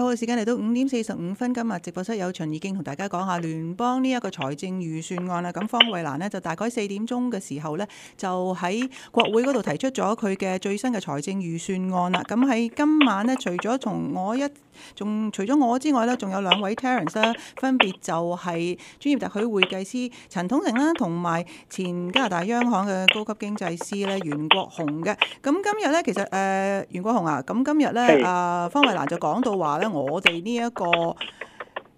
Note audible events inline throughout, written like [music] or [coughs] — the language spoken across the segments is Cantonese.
好嘅，時間嚟到五點四十五分，今日直播室有場已經同大家講下聯邦呢一個財政預算案啦。咁方慧蘭呢，就大概四點鐘嘅時候呢，就喺國會嗰度提出咗佢嘅最新嘅財政預算案啦。咁喺今晚呢，除咗同我一，仲除咗我之外呢，仲有兩位 Terence 啦，分別就係專業特許會計師陳通成啦，同埋前加拿大央行嘅高級經濟師咧袁國雄嘅。咁今日呢，其實誒、呃、袁國雄啊，咁今日呢，是啊方慧蘭就講到話。我哋呢一個二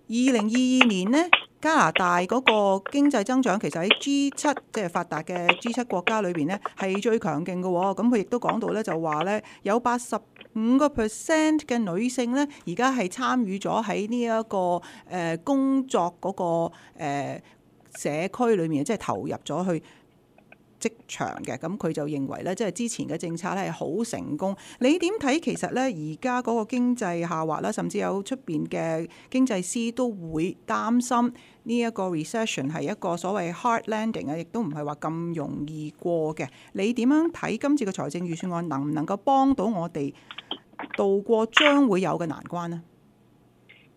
零二二年呢，加拿大嗰個經濟增長其實喺 G 七，即係發達嘅 G 七國家裏邊呢，係最強勁嘅、哦。咁佢亦都講到呢，就話呢，有八十五個 percent 嘅女性呢，而家係參與咗喺呢一個誒、呃、工作嗰、嗰個、呃、社區裏面，即係投入咗去。職場嘅，咁佢就認為呢，即係之前嘅政策呢係好成功。你點睇？其實呢，而家嗰個經濟下滑啦，甚至有出邊嘅經濟師都會擔心呢一個 recession 係一個所謂 hard landing 啊，亦都唔係話咁容易過嘅。你點樣睇今次嘅財政預算案能唔能夠幫到我哋渡過將會有嘅難關呢？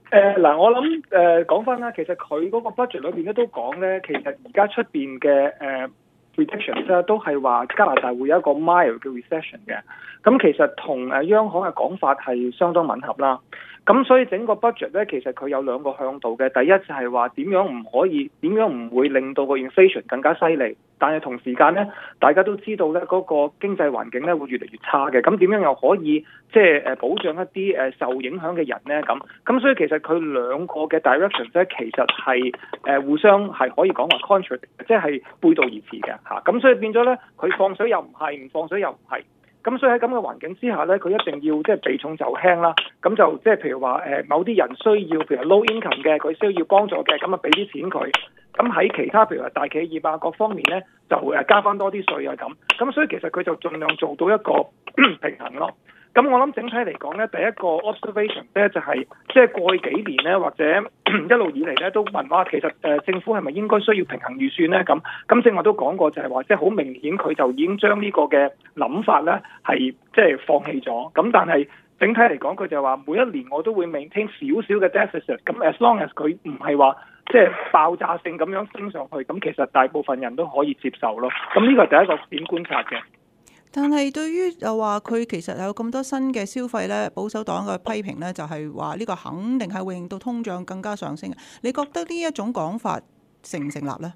嗱、呃，我諗誒講翻啦，其實佢嗰個 budget 裏邊咧都講呢，其實而家出邊嘅誒。呃 recession 咧都係話加拿大會有一個 mile 嘅 recession 嘅，咁其實同誒央行嘅講法係相當吻合啦。咁所以整個 budget 咧，其實佢有兩個向度嘅。第一就係話點樣唔可以，點樣唔會令到個 inflation 更加犀利。但係同時間咧，大家都知道咧，嗰、那個經濟環境咧會越嚟越差嘅。咁點樣又可以即係、就是、保障一啲、呃、受影響嘅人咧？咁咁所以其實佢兩個嘅 direction 咧，其實係、呃、互相係可以講話 contradict 即係背道而馳嘅嚇咁、啊、所以變咗咧，佢放水又唔係，唔放水又唔係。咁所以喺咁嘅環境之下咧，佢一定要即係、就是、避重就輕啦。咁就即係、就是、譬如話誒、呃，某啲人需要，譬如 low income 嘅，佢需要幫助嘅，咁啊俾啲錢佢。咁喺其他譬如話大企業啊各方面咧，就誒加翻多啲稅啊咁。咁所以其實佢就盡量做到一個 [coughs] 平衡咯。咁我諗整體嚟講咧，第一個 observation 咧就係，即係過去幾年咧，或者 [coughs] 一路以嚟咧都問話其實誒政府係咪應該需要平衡預算咧？咁正話我都講過就係話，即係好明顯佢就已經將這個呢個嘅諗法咧係即係放棄咗。咁但係整體嚟講，佢就話每一年我都會 maintain 少少嘅 deficit。咁 as long as 佢唔係話即係爆炸性咁樣升上去，咁其實大部分人都可以接受咯。咁呢個係第一個點觀察嘅。但係對於又話佢其實有咁多新嘅消費呢，保守黨嘅批評呢就係話呢個肯定係會令到通脹更加上升嘅。你覺得呢一種講法成唔成立呢？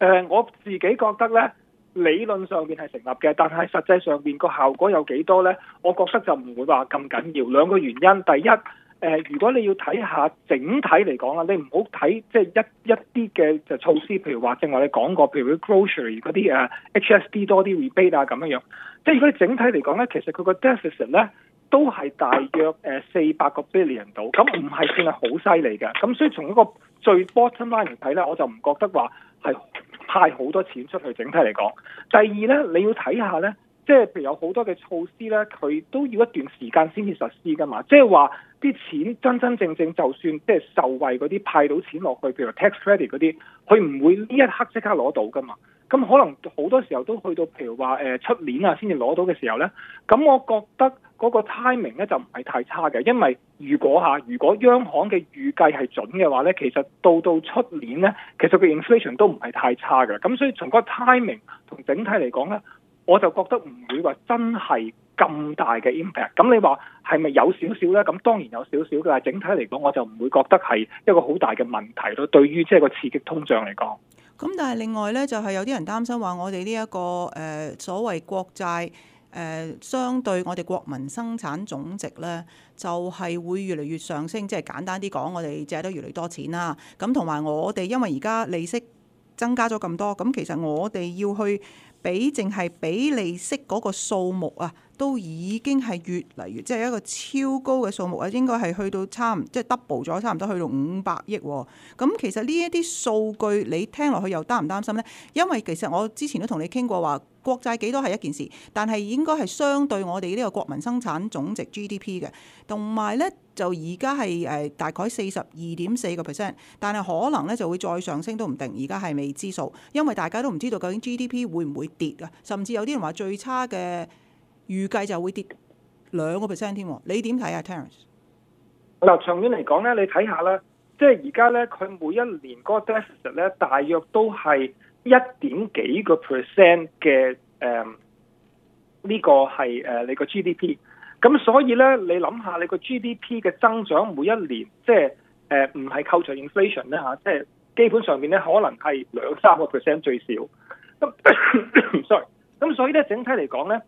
誒，我自己覺得呢，理論上面係成立嘅，但係實際上面個效果有幾多呢？我覺得就唔會話咁緊要。兩個原因，第一。誒、呃，如果你要睇下整體嚟講啦，你唔好睇即係一一啲嘅就措施，譬如話正話你講過，譬如嗰 grocery 嗰啲誒、呃、H S D 多啲 rebate 啊咁樣樣。即係如果你整體嚟講咧，其實佢個 deficit 咧都係大約誒四百個 billion 度，咁唔係算係好犀利嘅。咁所以從一個最 bottom line 嚟睇咧，我就唔覺得話係派好多錢出去，整體嚟講。第二咧，你要睇下咧。即係譬如有好多嘅措施咧，佢都要一段時間先至實施噶嘛。即係話啲錢真真正正就算即係受惠嗰啲派到錢落去，譬如 tax credit 嗰啲，佢唔會呢一刻即刻攞到噶嘛。咁可能好多時候都去到譬如話誒出年啊先至攞到嘅時候咧，咁我覺得嗰個 timing 咧就唔係太差嘅，因為如果嚇如果央行嘅預計係準嘅話咧，其實到到出年咧，其實個 inflation 都唔係太差嘅。咁所以從個 timing 同整體嚟講咧。我就覺得唔會話真係咁大嘅 impact。咁你話係咪有少少呢？咁當然有少少，但係整體嚟講，我就唔會覺得係一個好大嘅問題咯。對於即係個刺激通脹嚟講，咁但係另外呢，就係有啲人擔心話，我哋呢一個誒所謂國債誒，相對我哋國民生產總值呢，就係會越嚟越上升。即係簡單啲講，我哋借得越嚟越多錢啦。咁同埋我哋因為而家利息增加咗咁多，咁其實我哋要去。比淨係比利息嗰個數目啊，都已經係越嚟越即係一個超高嘅數目啊，應該係去到差唔多即係、就是、double 咗，差唔多去到五百億。咁其實呢一啲數據你聽落去又擔唔擔心呢？因為其實我之前都同你傾過話，國債幾多係一件事，但係應該係相對我哋呢個國民生產總值 GDP 嘅。同埋呢，就而家係誒大概四十二點四個 percent，但係可能呢就會再上升都唔定，而家係未知數，因為大家都唔知道究竟 GDP 會唔會。跌噶，甚至有啲人話最差嘅預計就會跌兩個 percent 添。你點睇啊，Terence？嗱，長遠嚟講咧，你睇下咧，即係而家咧，佢每一年嗰個 deficit 咧，大約都係一點幾個 percent 嘅誒呢個係誒你個 GDP。咁所以咧，你諗下你個 GDP 嘅增長每一年，即係誒唔係扣除 inflation 咧嚇，即係基本上面咧可能係兩三個 percent 最少。咁 [coughs] ，sorry，咁所以咧，整體嚟講咧，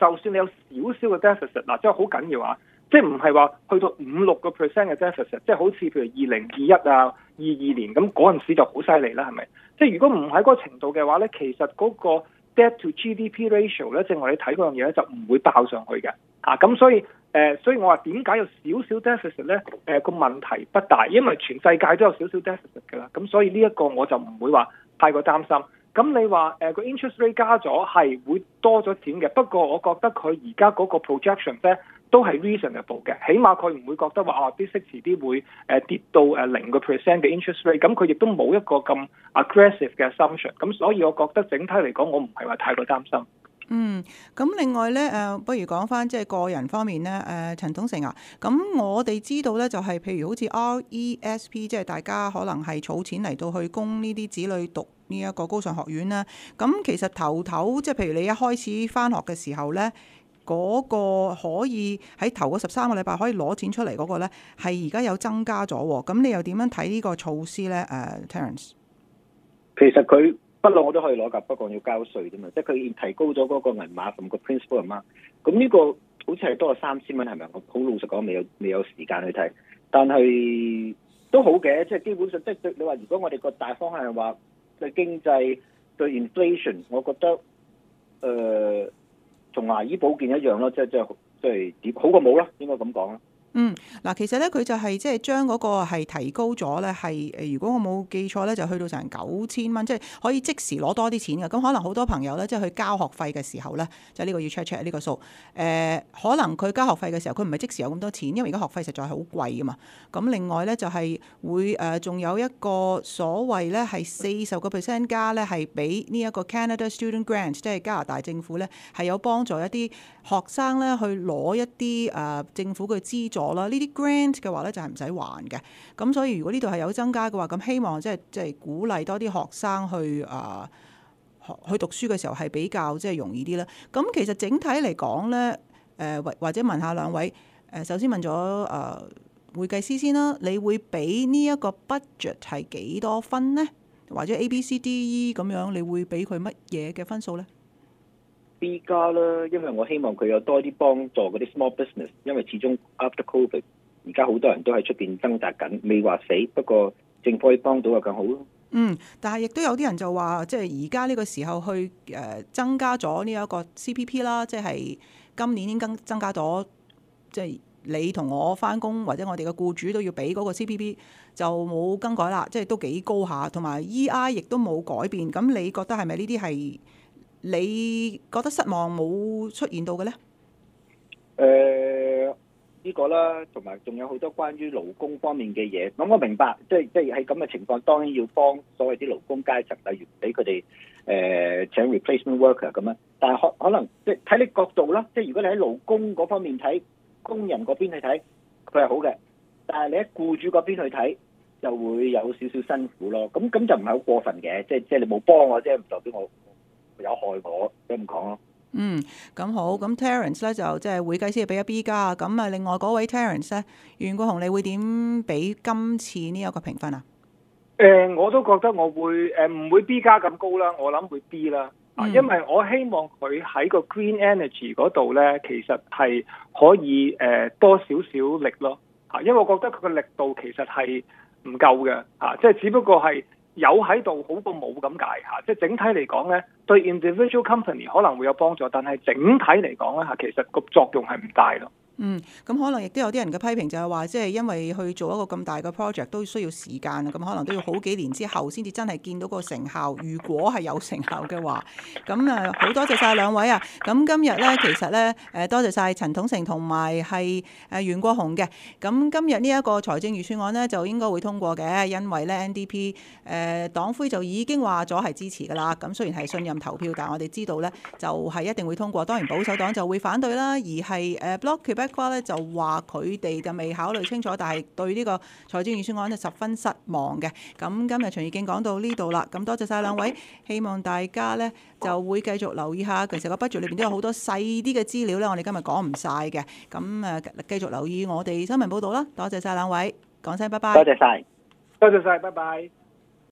就算你有少少嘅 deficit，嗱，即係好緊要啊，即係唔係話去到五六個 percent 嘅 deficit，即係好似譬如二零二一啊、二二年咁嗰陣時就好犀利啦，係咪？即係如果唔喺嗰程度嘅話咧，其實嗰個 debt to GDP ratio 咧，即係我哋睇嗰樣嘢咧，就唔會爆上去嘅啊。咁所以誒、呃，所以我話點解有少少 deficit 咧？誒、呃、個問題不大，因為全世界都有少少 deficit 㗎啦。咁所以呢一個我就唔會話太過擔心。咁你話誒個 interest rate 加咗係會多咗錢嘅，不過我覺得佢而家嗰個 projection 咧都係 reasonable 嘅，起碼佢唔會覺得話哦啲息遲啲會誒跌到誒零個 percent 嘅 interest rate，咁佢亦都冇一個咁 aggressive 嘅 assumption，咁所以我覺得整體嚟講我唔係話太過擔心。嗯，咁另外咧誒，不如講返即係個人方面咧誒、呃，陳董成啊，咁我哋知道咧就係譬如好似 RESP，即係大家可能係儲錢嚟到去供呢啲子女讀。呢一個高尚學院咧，咁其實頭頭即係譬如你一開始翻學嘅時候咧，嗰、那個可以喺頭嗰十三個禮拜可以攞錢出嚟嗰個咧，係而家有增加咗。咁你又點樣睇呢個措施咧？誒、uh,，Terence，其實佢不論我都可以攞㗎，不過要交稅啫嘛。即係佢提高咗嗰個銀碼同個 principal a m o 咁呢個好似係多咗三千蚊，係咪？我好老實講，未有未有時間去睇，但係都好嘅。即係基本上，即係你話如果我哋個大方向係話。對經濟對 inflation，我覺得誒同、呃、牙醫保健一樣咯，即即即係點好過冇啦，應該咁講啦！嗯，嗱，其實咧佢就係即係將個係提高咗咧，係誒如果我冇記錯咧，就去到成九千蚊，即係可以即時攞多啲錢嘅。咁可能好多朋友咧，即係去交學費嘅時候咧，就呢個要 check check 呢個數，誒可能佢交學費嘅時候，佢唔係即時有咁多錢，因為而家學費實在係好貴啊嘛。咁另外咧就係會誒仲有一個所謂咧係四十個 percent 加咧，係俾呢一個 Canada Student Grant，即係加拿大政府咧係有幫助一啲學生咧去攞一啲誒政府嘅資助。呢啲 grant 嘅話咧，就係唔使還嘅。咁所以如果呢度係有增加嘅話，咁希望即係即係鼓勵多啲學生去誒、呃、去讀書嘅時候係比較即係容易啲啦。咁其實整體嚟講咧，誒、呃、或者問下兩位，誒首先問咗誒、呃、會計師先啦，你會俾呢一個 budget 係幾多分呢？或者 A、B、C、D、E 咁樣，你會俾佢乜嘢嘅分數呢？」B 家啦，因為我希望佢有多啲幫助嗰啲 small business，因為始終 after covid，而家好多人都喺出邊掙扎緊，未話死，不過政府可以幫到就更好咯。嗯，但係亦都有啲人就話，即係而家呢個時候去誒增加咗呢一個 C P P 啦，即係今年已經增加咗，即係你同我翻工或者我哋嘅僱主都要俾嗰個 C P P，就冇更改啦，即係都幾高下，同埋 E I 亦都冇改變。咁你覺得係咪呢啲係？你覺得失望冇出現到嘅咧？誒呢、呃呢個啦，同埋仲有好多關於勞工方面嘅嘢。咁我明白，即係即係喺咁嘅情況，當然要幫所謂啲勞工階層，例如俾佢哋誒請 replacement worker 咁樣。但係可可能即係睇你角度啦。即係如果你喺勞工嗰方面睇工人嗰邊去睇，佢係好嘅。但係你喺僱主嗰邊去睇，就會有少少辛苦咯。咁咁就唔係好過分嘅。即係即係你冇幫我，即係唔代表我。有害我，你唔講咯。嗯，咁好，咁 Terence 咧就即係會計師俾咗 B 加，咁啊另外嗰位 Terence 咧，袁國雄，你會點俾今次呢一個評分啊？誒、呃，我都覺得我會，誒、呃、唔會 B 加咁高啦，我諗會 B 啦。啊、嗯，因為我希望佢喺個 Green Energy 嗰度咧，其實係可以誒、呃、多少少力咯。啊，因為我覺得佢嘅力度其實係唔夠嘅。啊，即係只不過係。有喺度好過冇咁解嚇，即係整體嚟講，咧，對 individual company 可能會有幫助，但係整體嚟講，咧其實個作用係唔大咯。嗯，咁可能亦都有啲人嘅批評就係話，即係因為去做一個咁大嘅 project 都需要時間啊，咁可能都要好幾年之後先至真係見到個成效。如果係有成效嘅話，咁啊好多謝曬兩位啊！咁今日咧其實咧誒多謝曬陳統成同埋係誒袁國雄嘅。咁今日呢一個財政預算案咧就應該會通過嘅，因為咧 NDP 誒、呃、黨魁就已經話咗係支持㗎啦。咁雖然係信任投票，但係我哋知道咧就係、是、一定會通過。當然保守黨就會反對啦，而係誒 Bloc Quebec。咧就話佢哋就未考慮清楚，但係對呢個財政預算案就十分失望嘅。咁今日徐宜敬講到呢度啦。咁多謝晒兩位，希望大家呢就會繼續留意下。其實個 budget 裏邊都有好多細啲嘅資料呢，我哋今日講唔晒嘅。咁誒，繼續留意我哋新聞報道啦。多謝晒兩位，講聲拜拜。多謝晒，多謝晒，拜拜。